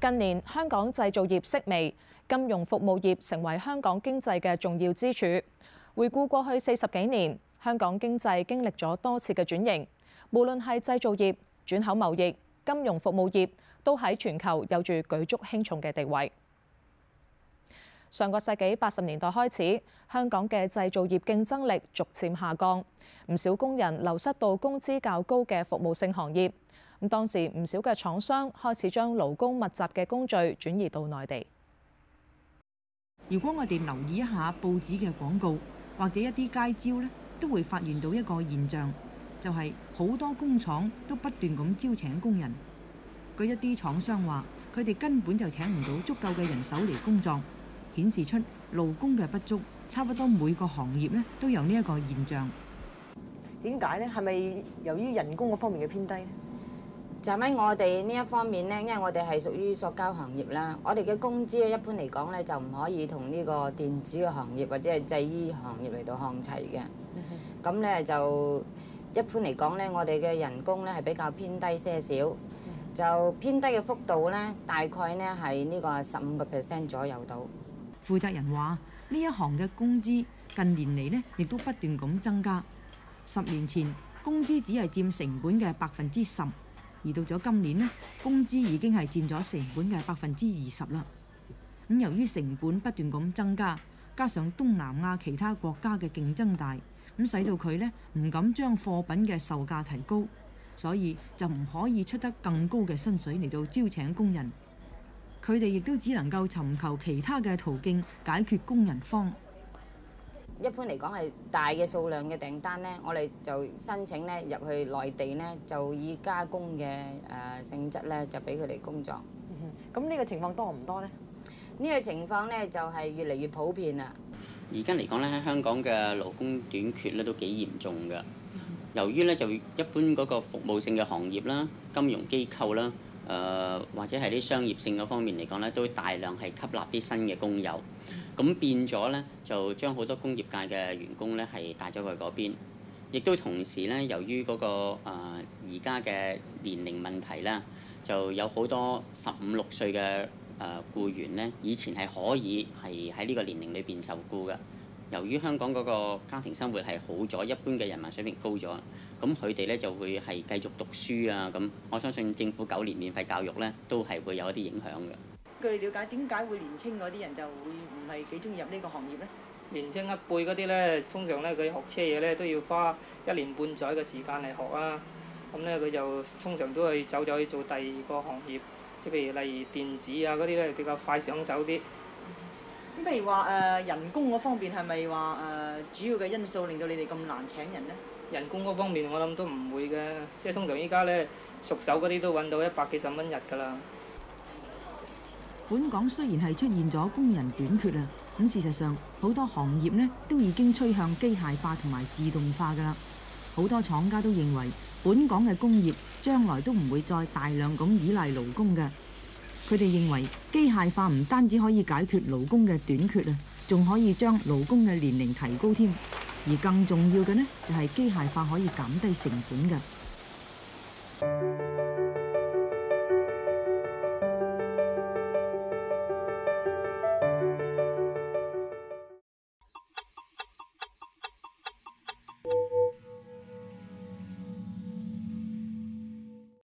近年香港製造業式微，金融服務業成為香港經濟嘅重要支柱。回顧過去四十幾年，香港經濟經歷咗多次嘅轉型，無論係製造業、轉口貿易、金融服務業，都喺全球有住舉足輕重嘅地位。上個世紀八十年代開始，香港嘅製造業競爭力逐漸下降，唔少工人流失到工資較高嘅服務性行業。咁當時唔少嘅廠商開始將勞工密集嘅工序轉移到內地。如果我哋留意一下報紙嘅廣告或者一啲街招都會發現到一個現象，就係、是、好多工廠都不斷咁招請工人。據一啲廠商話，佢哋根本就請唔到足夠嘅人手嚟工作，顯示出勞工嘅不足。差不多每個行業都有呢一個現象。點解呢？係咪由於人工嗰方面嘅偏低呢？就喺我哋呢一方面咧，因為我哋係屬於塑膠行業啦，我哋嘅工資咧一般嚟講咧就唔可以同呢個電子嘅行業或者係製衣行業嚟到看齊嘅。咁咧就一般嚟講咧，我哋嘅人工咧係比較偏低些少，就偏低嘅幅度咧大概咧係呢個十五個 percent 左右度。負責人話：呢一行嘅工資近年嚟咧亦都不斷咁增加。十年前工資只係佔成本嘅百分之十。而到咗今年呢，工資已經係佔咗成本嘅百分之二十啦。咁由於成本不斷咁增加，加上東南亞其他國家嘅競爭大，咁使到佢呢唔敢將貨品嘅售價提高，所以就唔可以出得更高嘅薪水嚟到招請工人。佢哋亦都只能夠尋求其他嘅途徑解決工人荒。一般嚟講係大嘅數量嘅訂單咧，我哋就申請咧入去內地咧，就以加工嘅誒性質咧，就俾佢哋工作。咁呢個情況多唔多咧？呢個情況咧就係越嚟越普遍啦。而家嚟講咧，喺香港嘅勞工短缺咧都幾嚴重㗎，由於咧就一般嗰個服務性嘅行業啦、金融機構啦。誒、呃、或者係啲商業性嗰方面嚟講咧，都大量係吸納啲新嘅工友，咁變咗咧就將好多工業界嘅員工咧係帶咗去嗰邊，亦都同時咧，由於嗰、嗰個而家嘅年齡問題啦，就有好多十五六歲嘅誒僱員咧，以前係可以係喺呢個年齡裏邊受僱嘅。由於香港嗰個家庭生活係好咗，一般嘅人民水平高咗，咁佢哋咧就會係繼續讀書啊咁。我相信政府九年免費教育咧，都係會有一啲影響嘅。據了解，點解會年青嗰啲人就會唔係幾中意入呢個行業咧？年青一輩嗰啲咧，通常咧佢學車嘢咧都要花一年半載嘅時間嚟學啊。咁咧佢就通常都係走走去做第二個行業，即譬如例如電子啊嗰啲咧比較快上手啲。咁譬如話誒、呃、人工嗰方面係咪話誒主要嘅因素令到你哋咁難請人呢？人工嗰方面我諗都唔會嘅，即係通常依家咧熟手嗰啲都揾到一百幾十蚊日㗎啦。本港雖然係出現咗工人短缺啦，咁事實上好多行業呢都已經趨向機械化同埋自動化㗎啦。好多廠家都認為本港嘅工業將來都唔會再大量咁依賴勞工嘅。佢哋認為機械化唔單止可以解決勞工嘅短缺啊，仲可以將勞工嘅年齡提高添，而更重要嘅呢就係機械化可以減低成本嘅。